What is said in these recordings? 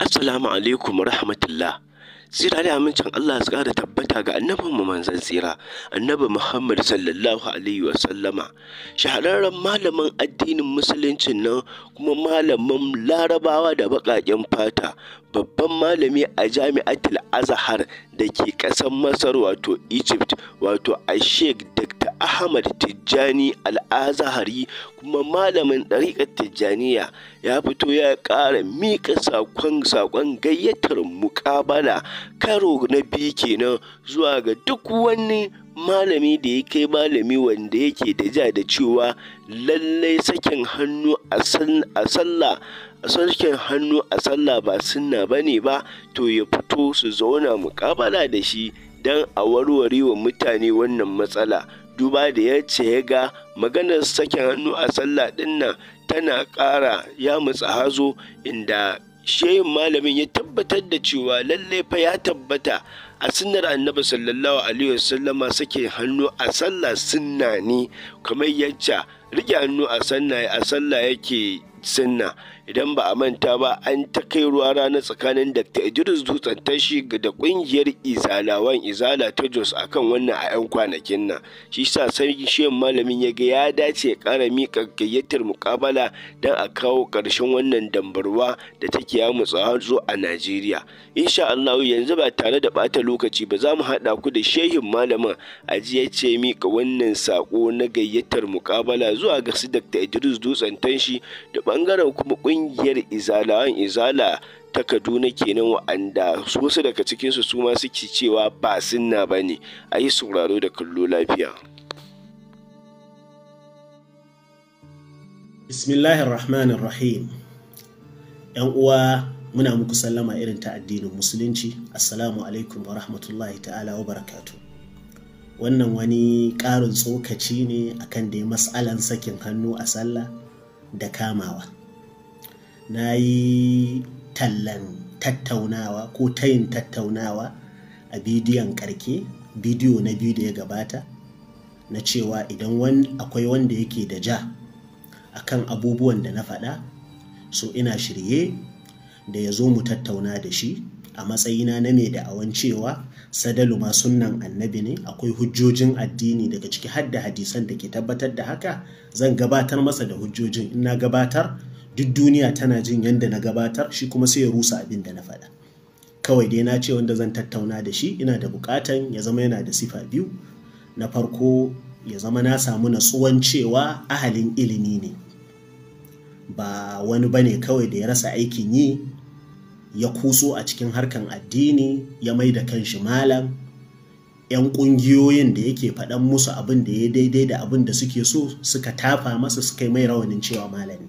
Assalamu alaikum rahmatullah. Tsira da amincin Allah su ƙara tabbata ga mu manzon tsira, annabi Muhammad sallallahu alaihi wa sallama, shahararren malamin addinin musulunci nan kuma malamin larabawa da baƙaƙen fata, babban malami a jami'atul azahar. da ke ƙasar Masar wato Egypt wato a Sheikh Dr. Ahmad Tijjani al kuma malamin ɗariƙar Tijjaniya ya fito ya ƙara miƙa saƙon saƙon gayyatar muƙabala karo na biyu kenan zuwa ga duk wani malami da ya kai malami wanda yake da ja da cewa lallai sakin hannu a sallah a sakin hannu a sallah ba sunna ne ba to ya fito su zauna muƙabala da shi don a warware wa mutane wannan matsala duba da ya ce ya ga maganar sakin hannu a sallah ɗinnan tana ƙara ya mutsa hazo inda shehin malamin ya tabbatar da cewa lallai fa ya tabbata a sunnar annabi sallallahu alaihi wasallama sake hannu a sallah sunna ne kamar yacca rike hannu a a sallah yake sunna idan ba a manta ba an ta kai ruwa rana tsakanin dr idris dutsen tashi da kungiyar izalawan izala ta jos akan wannan a 'yan kwanakin nan shi sa sarki malamin ya ga ya dace ya kara miƙa gayyatar mukabala don a kawo ƙarshen wannan dambarwa da take yamutsa zo a najeriya insha allahu yanzu ba tare da bata lokaci ba za mu haɗa ku da shehin malamin a ya ce miƙa wannan saƙo na gayyatar mukabala zuwa ga su dr idris dutsen tashi da bangaren kuma kungiyar izalawan izala ta kaduna kenan wa'anda wasu daga cikinsu su ma suke cewa ba sunna ba ne a yi sauraro da kallo lafiya bismillahir rahim yan uwa muna muku sallama irin ta addinin musulunci assalamu alaikum wa rahmatullahi ta'ala wa barakatu wannan wani ƙarin tsokaci ne akan da ya matsalan sakin hannu a sallah da kamawa na yi tallan tattaunawa ko tayin tattaunawa a bidiyon karke bidiyo na biyu da ya gabata na cewa idan akwai wanda yake da ja akan abubuwan da na faɗa so ina shirye da ya zo mu tattauna da shi a matsayina na mai da'awan cewa sadalu ma sunnan annabi ne akwai hujjojin addini daga ciki hadda hadisan da ke tabbatar da haka zan gabatar masa da hujjojin ina gabatar duk duniya tana jin yadda na gabatar shi kuma sai ya rusa abin da na faɗa kawai dai na ce wanda zan tattauna da shi ina da bukatan ya zama yana da sifa biyu na farko ya zama na samu natsuwan cewa ahalin ilimi ne ba wani bane kawai da ya rasa aikin yi ya kuso a cikin harkan addini ya mai da kanshi malam 'yan ƙungiyoyin da yake faɗan musu abin da ya daidai da abin da suke so suka tafa masa suka yi mai rawanin cewa malami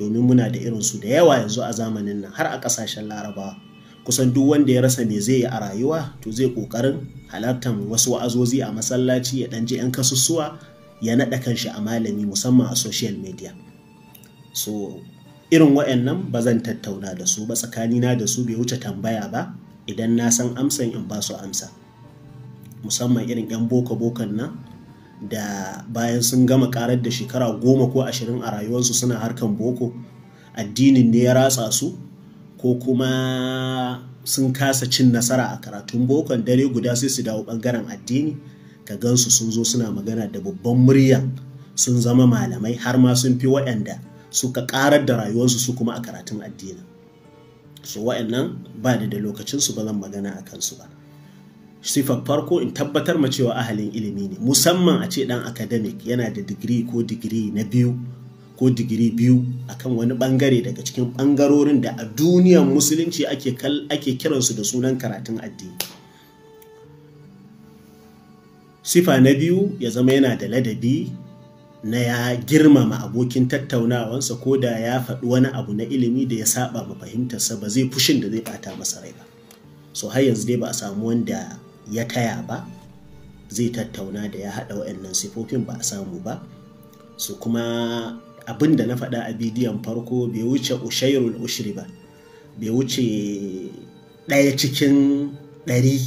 domin muna da irin su da yawa yanzu a zamanin nan har a ƙasashen larabawa kusan duk wanda ya rasa me zai yi a rayuwa to zai ƙoƙarin halartar wasu wa'azozi a masallaci ya ɗan je 'yan kasussuwa ya naɗa kanshi a malami musamman a social media so irin waɗannan ba zan tattauna da su ba tsakanina da su bai wuce tambaya ba idan na san amsan in ba su amsa musamman irin 'yan boka-bokan nan da bayan sun gama karar da shekara goma ko ashirin a rayuwarsu suna harkan boko addinin ne ya ratsa su ko kuma sun kasa cin nasara a karatun bokon dare guda sai su dawo bangaren addini ka gansu sun zo suna magana da babban murya sun zama malamai har ma sun fi waɗanda suka karar da rayuwarsu su kuma a karatun addini Su wa'annan ba da da lokacinsu ba zan magana a kansu ba sifar farko in tabbatar ma cewa ahalin ilimi ne musamman a ce dan academic yana da digiri ko digiri na biyu ko digiri biyu akan wani bangare daga cikin bangarorin da a duniyar musulunci ake kiransu da sunan karatun addini sifa na biyu ya zama yana da ladabi na ya girmama abokin tattaunawansa ko da ya faɗi wani abu na ilimi da ya saba ba fahimtarsa ba zai fushin da zai ɓata masa rai ba so har yanzu dai ba a samu wanda ya taya ba zai tattauna da ya haɗa wa'annan sifofin ba a samu ba su kuma abin da na faɗa a bidiyon farko bai wuce ushairul ushiri ba bai wuce ɗaya cikin ɗari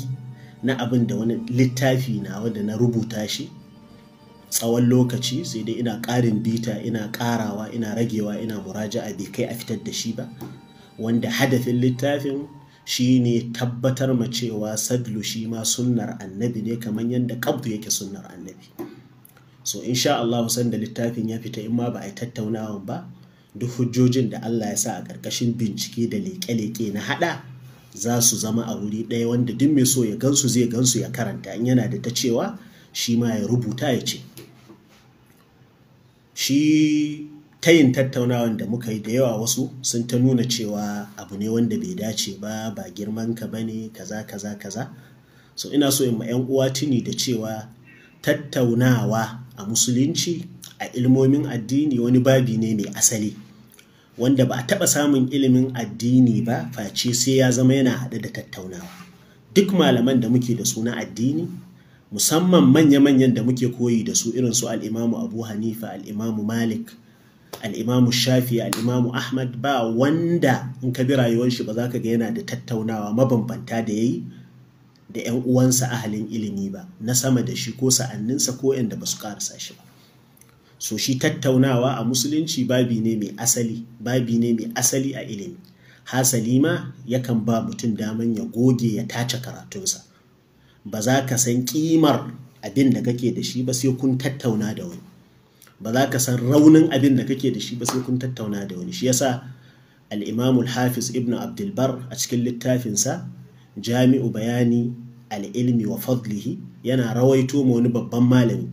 na abin da wani littafi na wanda na rubuta shi tsawon lokaci sai dai ina ƙarin bita ina ƙarawa ina ragewa ina muraja'a bai kai a fitar da shi ba wanda hadafin littafin shi ne tabbatar ma cewa sadlu shi ma sunnar annabi ne kamar yadda kabdu yake sunnar annabi so insha Allah san da littafin ya fita in ma ba a yi tattaunawa ba duk hujjojin da Allah ya sa a ƙarƙashin bincike da leƙe-leƙe na haɗa za su zama a wuri ɗaya wanda duk mai so ya gansu zai gansu ya karanta in yana da ta cewa shi ma ya rubuta ya ce shi ta yin tattaunawan da muka yi da yawa wasu sun ta nuna cewa abu ne wanda bai dace ba ba girman ka ne? kaza kaza kaza so ina so in ma 'yan uwa tuni da cewa tattaunawa a musulunci a ilmomin addini wani babi ne mai asali wanda ba a taɓa samun ilimin addini ba face sai ya zama yana haɗe da tattaunawa duk malaman da muke da su addini musamman manya-manyan da muke koyi da su irin su al'imamu abu hanifa al'imamu malik al'imamu shafi al'imamu ahmad ba wanda in ka bi rayuwar shi ba za ka ga yana da tattaunawa mabambanta da ya yi da 'yan uwansa ahalin ilimi ba na sama da shi ko sa'anninsa ko yadda ba su karasa shi ba so shi tattaunawa a musulunci babi ne mai asali babi ne mai asali a ilimi hasali ma yakan ba mutum daman ya goge ya tace karatunsa ba za ka san kimar abin da kake da shi ba sai kun tattauna da wani ba za ka san raunin abin da kake da shi ba sai kun tattauna da wani shi yasa al-imam hafiz ibn abdulbar a cikin littafinsa jami'u bayani al-ilmi wa fadlihi yana rawaito ma wani babban malami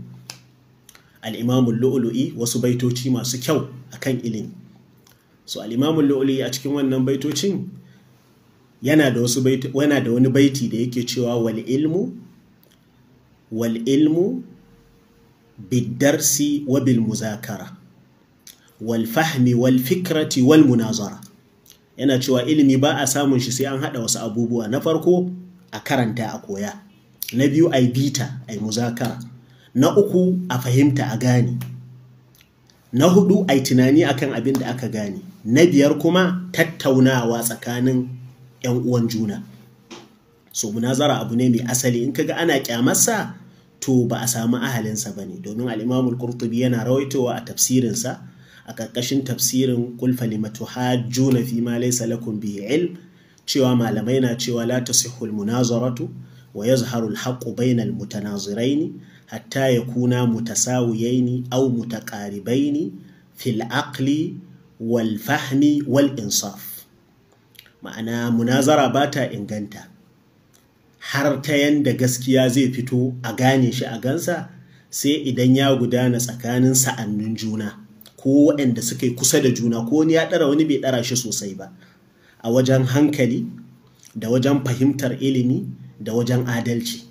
al-imam lu'lu'i wasu baitoci masu kyau akan ilimi so al-imam lu'lu'i a cikin wannan baitocin yana da wasu yana da wani baiti da yake cewa wal ilmu wal ilmu bidarsi wa bil muzakara wal fahmi wal fikrati wal munazara yana cewa ilimi ba a samun shi sai an hada wasu abubuwa na farko a karanta a koya na biyu a bita a muzakara na uku a fahimta a gane na hudu a tunani akan abin da aka gane na biyar kuma tattaunawa tsakanin 'yan uwan juna so munazara abu ne mai asali in kaga ana kyamarsa to ba a samu ahalinsa ba ne domin al'imamul qurtubi yana rawaitowa a tafsirinsa a ƙarƙashin tafsirin kulfa limatu hajjuna fi ma laysa lakum ilm cewa malamai na cewa la tasihul munazaratu wa yazharu al-haqqu bainal mutanaziraini hatta yakuna mutasawiyaini aw mutaqaribaini fil aqli wal fahmi wal insaf ma'ana munazara ba ta inganta har ta yanda gaskiya zai fito a gane shi a gansa sai idan ya gudana tsakanin sa'annin juna ko waɗanda suka yi kusa da juna ko wani ya ɗara wani bai ɗara shi sosai ba a wajen hankali da wajen fahimtar ilimi da wajen adalci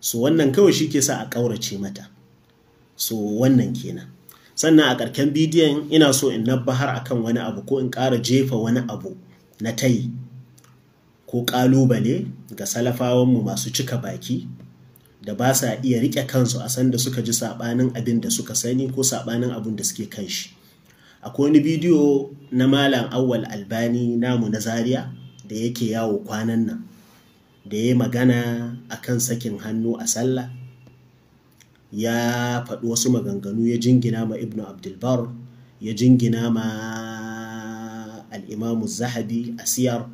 so wannan kawai shi ke sa a ƙaurace mata so wannan kenan sannan a ƙarshen bidiyon ina so in nabahar akan wani abu ko in ƙara jefa wani abu na tayi ko ƙalubale ga salafawan mu masu cika baki da ba sa iya riƙe kansu a sanda suka ji saɓanin abin da suka sani ko saɓanin abin da suke kan shi akwai wani bidiyo na malam awwal albani namu na zaria da yake yawo kwanan nan da ya magana a kan sakin hannu a sallah ya faɗi wasu maganganu ya jingina ma ibnu abdulbar ya jingina ma al'imamu zahabi a siyar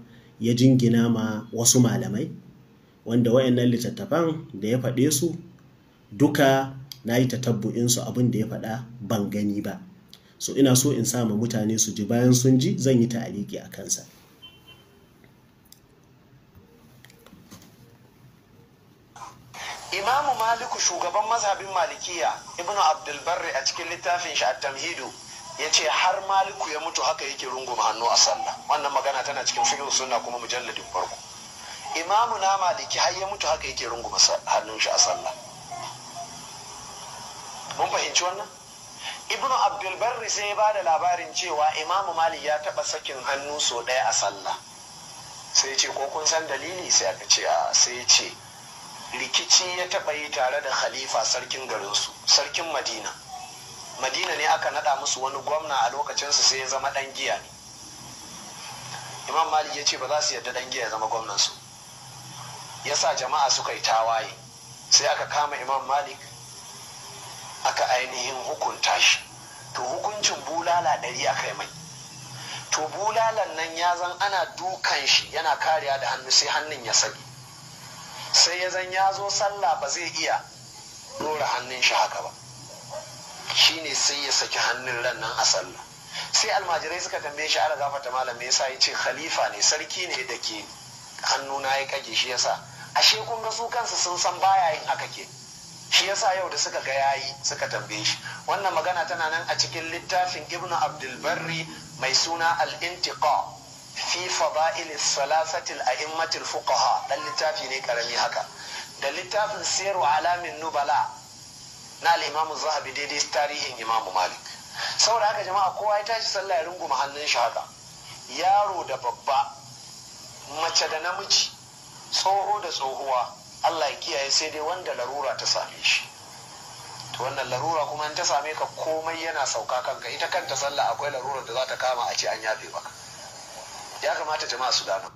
ya jingina ma wasu malamai wanda wayannan littattafan da ya faɗe su duka na yi su abin da ya faɗa ban gani ba so ina so in sama mutane su ji bayan sun ji zan yi ta'aliki a kansa imamu maliku shugaban mazhabin malikiya ibnu abdulbarri a cikin littafin shi a tamhidu ya ce har maliku ya mutu haka yake runguma hannu a sallah wannan magana tana cikin fiqh suna kuma mujalladin farko imamu na maliki har ya mutu haka yake runguma hannun shi a sallah mun fahimci wannan ibnu abdul sai ya bada labarin cewa imamu malik ya taba sakin hannu so daya a sallah sai ce ko kun san dalili sai aka ce a sai ce rikici ya taba yi tare da khalifa sarkin garinsu sarkin madina madina ne aka nada musu wani gwamna a lokacinsu sai ya zama dan giya ne imam malik ya ce ba za su yarda dan giya ya zama gwamnansu ya sa jama'a suka yi tawaye sai aka kama imam malik aka ainihin hukunta shi to hukuncin bulala ɗari aka yi mai to bulalan nan ya zan ana dukan shi yana kariya da hannu sai hannun ya sagi sai ya zan ya zo sallah ba zai iya dora hannun shi haka ba shine sai ya saki hannun ran nan a sallah sai almajirai suka tambaye shi ala gafata malam me ya ce khalifa ne sarki ne da ke hannuna ya kage shi yasa ashe kun ga su kansu sun san baya yin haka ke shi yasa yau da suka ga yayi suka tambaye shi wannan magana tana nan a cikin littafin ibnu Abdul abdulbarri mai suna al-intiqa fi fada'il salasati al-a'immatil fuqaha dan littafi ne karami haka da littafin sirru alamin nubala na al'imamu zahabi daidai tarihin imamu malik saboda haka jama'a kowa ya tashi sallah ya runguma hannun shi haka yaro da babba mace da namiji tsoho da tsohuwa allah ya kiyaye sai dai wanda larura ta same shi to wannan larura kuma in ta same ka komai yana sauka kanka ita kanta sallah akwai larura da za ta kama a ce an yafe ba. ya kamata jama'a su gano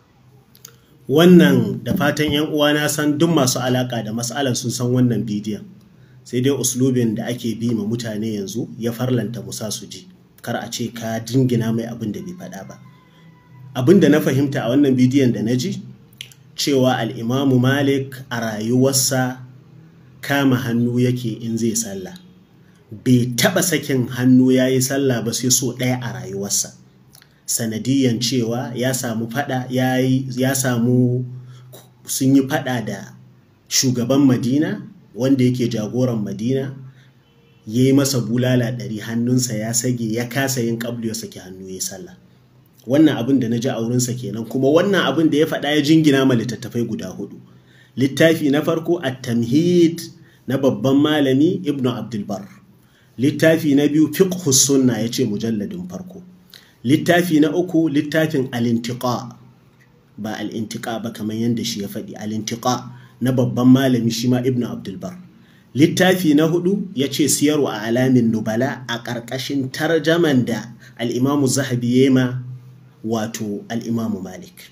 wannan da fatan yan uwana san duk masu alaka da matsalar sun san wannan bidiyon sai dai uslubin da ake bi ma mutane yanzu ya farlanta musa su ji kar a ce ka dingina mai abin da bai faɗa ba abin da na fahimta a wannan bidiyon da na ji cewa al'imamu malik a rayuwarsa kama hannu yake in zai sallah bai taɓa sakin hannu ya yi sallah ba sai so ɗaya a rayuwarsa sanadiyan cewa ya samu fada ya samu sun yi faɗa da shugaban madina wanda yake jagoran madina ya yi masa bulala ɗari hannunsa ya sage ya kasa yin ƙablu ya saki hannu ya sallah wannan abin da na ji a wurinsa kenan kuma wannan abin da ya faɗa ya jingina ma littattafai guda hudu littafi na farko a tamhid na babban malami ibnu abdulbar littafi na biyu fiqh sunna ya ce mujalladin farko littafi na uku littafin alintiqa ba al'intiƙa ba kamar yadda shi ya faɗi alintiƙa na babban malami shi ma ibnu abdulbar littafi na hudu ya ce siyarwa a alamin nubala a ƙarƙashin tarjaman da al'imamu zahabi ma wato al'imamu malik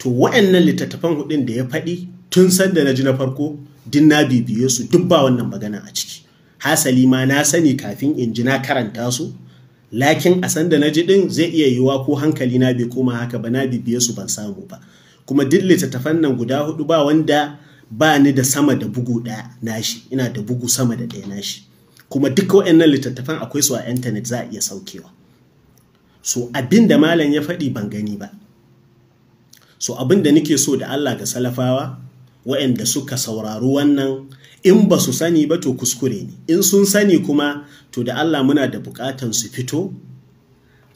to wa'annan littattafan hudun da ya faɗi tun sanda na ji na farko din na bibiye su duk ba wannan magana a ciki hasali ma na sani kafin in ji na karanta su lakin a sanda na ji din zai iya yiwuwa ko hankali na bai koma haka ba na bibiye su ban samu ba kuma duk littattafan nan guda hudu ba wanda ba ni da sama da bugu ɗaya nashi ina da bugu sama da ɗaya nashi kuma duk waɗannan littattafan akwai su a intanet za a iya saukewa so abin da malam ya faɗi ban gani ba so abin da nake so da Allah ga salafawa waɗanda suka saurari wannan in ba su sani ba to kuskure ne in sun sani kuma to da Allah muna da bukatan su fito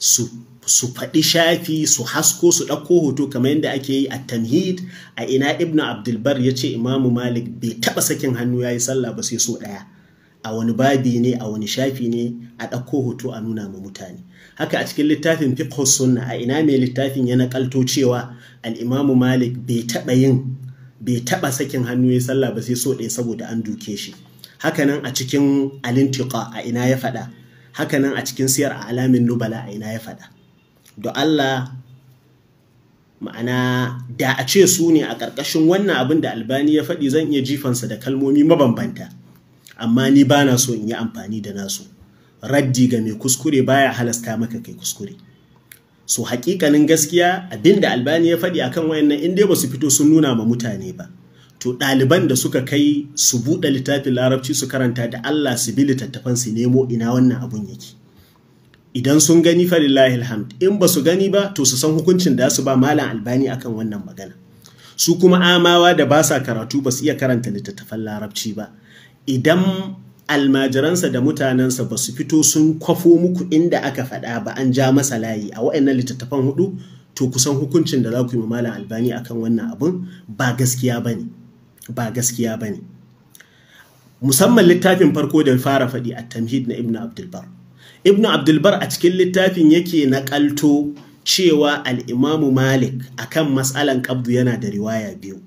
su su faɗi shafi su hasko su ɗauko hoto kamar yadda ake yi a tamhid a ina ibn abdulbar ya ce imamu malik bai taɓa sakin hannu ya yi sallah ba sai so ɗaya a wani babi ne a wani shafi ne a ɗauko hoto a nuna ma mutane haka a cikin littafin fiqh sunna a ina mai littafin ya nakalto cewa al-imamu malik bai taɓa yin bai taɓa sakin hannu ya yi sallah ba sai so ɗaya saboda an duke shi hakanan a cikin alintiqa a ina ya faɗa hakanan a cikin siyar a alamin nubala a ina ya faɗa da Allah ma'ana da a ce su ne a ƙarƙashin wannan abin da albani ya faɗi zan iya jifansa da kalmomi mabambanta amma ni ba na so in yi amfani da nasu raddi ga mai kuskure baya halasta maka kai kuskure so hakikanin gaskiya abin da albani ya faɗi akan wayannan in dai ba su fito sun nuna ma mutane ba to ɗaliban da suka kai su buɗe littafin larabci su karanta da Allah su bi littattafan su nemo ina wannan abun yake idan sun gani falillahi alhamd in ba su gani ba to su san hukuncin da su ba malam albani akan wannan magana su kuma amawa da ba sa karatu ba su iya karanta littattafan larabci ba idan almajiransa da mutanensa ba su fito sun kwafo muku inda aka faɗa ba an ja masa layi a waɗannan littattafan hudu to kusan hukuncin da za ku yi malam albani akan wannan abun ba gaskiya ba ne ba gaskiya ba ne musamman littafin farko da fara faɗi a tamhid na ibn abdulbar ibnu abdulbar a cikin littafin yake naƙalto cewa al'imamu malik akan matsalan ƙabdu yana da riwaya biyu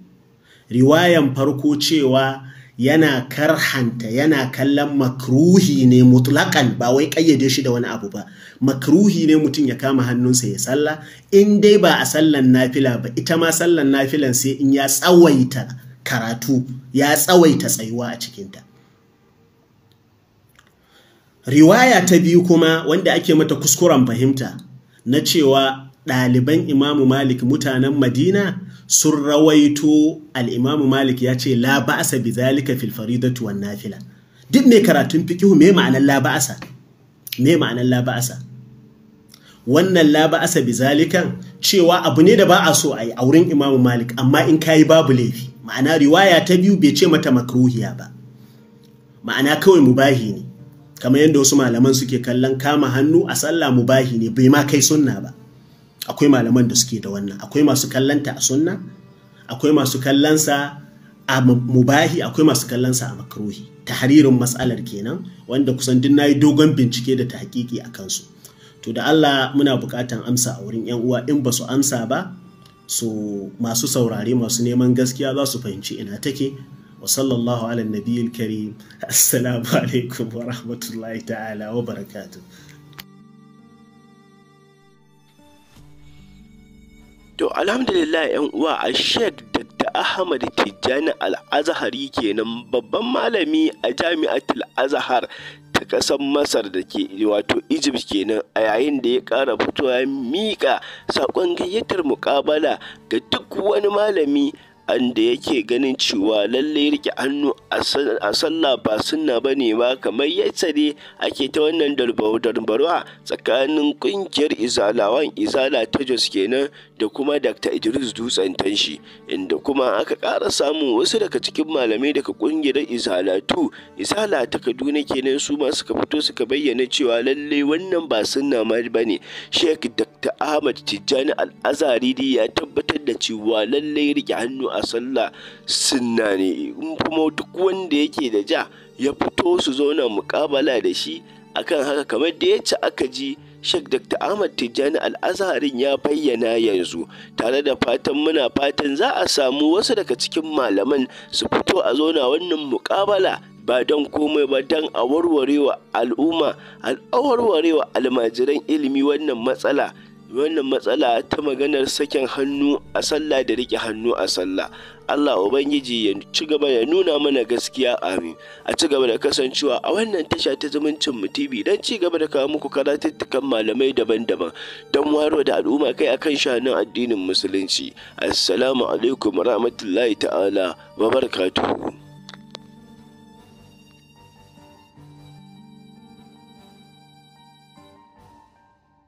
riwayan farko cewa yana karhanta yana kallon makruhi ne mutlakan ba wai ƙayyade shi da wani abu ba makruhi ne mutum ya kama hannunsa ya salla in dai ba a sallan nafila ba ita ma sallan nafilan sai in ya tsawaita karatu ya tsawaita tsayuwa a cikinta riwaya ta biyu kuma wanda ake mata kuskuren fahimta na cewa ɗaliban imamu malik mutanen madina sun rawaito al'imamu malik ya ce la ba'asa bi zalika fil faridatu wan nafila duk mai karatun fikihu me ma'anar la ba'asa ma'anar la wannan la ba'asa bi zalika cewa abu ne da ba a so a yi a wurin imamu malik amma in ka yi babu laifi ma'ana riwaya ta biyu bai ce mata makruhiya ba ma'ana kawai mubahi ne kamar yadda wasu malaman suke kallon kama hannu a sallah mubahi ne bai ma kai sunna ba akwai malaman da suke da wannan akwai masu kallanta a sunna akwai masu kallonsa a mubahi akwai masu kallonsa a makaruhi tahririn matsalar kenan wanda kusan duk nayi dogon bincike da ta tahqiqi a kansu to da Allah muna bukatan amsa a wurin yan uwa in ba su amsa ba so masu saurare masu neman gaskiya za su fahimci ina take wa sallallahu ala nabiyil karim assalamu alaikum wa rahmatullahi ta'ala wa To alhamdulillah yan uwa a Sheikh Dadda Ahmad Tijjani al kenan babban malami a Jami'atul Azhar ta ƙasar Masar da ke wato Egypt kenan a yayin da ya ƙara fitowa mika saƙon gayyatar muƙabala ga duk wani malami da yake ganin cewa lalle rike hannu a sallah ba sunna ba ne ba kamar yadda ne ake ta wannan darbarwa tsakanin kungiyar izalawan izala ta jos kenan da kuma dr idris dutsen tanshi inda kuma aka kara samun wasu daga cikin malamai daga kungiyar izalatu izala ta kaduna kenan su ma suka fito suka bayyana cewa lalle wannan ba sunna ba ne sheik dr ahmad tijjani al ya tabbatar da cewa lallai rike hannu a sallah sunna ne kuma duk wanda yake da ja ya fito su zauna muƙabala da shi akan haka kamar da ya ci aka ji Sheikh Dr. Ahmad Tijjani Al-Azharin ya bayyana yanzu tare da fatan muna fatan za a samu wasu daga cikin malaman su fito a zauna wannan muƙabala ba don komai ba don a warwarewa al'umma al'awarwarewa almajiran ilimi wannan matsala wannan matsala ta maganar sakin hannu a sallah da rike hannu a sallah Allah Ubangiji ya ci gaba ya nuna mana gaskiya amin a ci gaba da kasancewa a wannan tasha ta zumuncin mu TV don ci gaba da kawo muku karatuttukan malamai daban-daban don waro da al'umma kai akan shanin addinin musulunci assalamu alaikum rahmatullahi ta'ala wa barakatuhu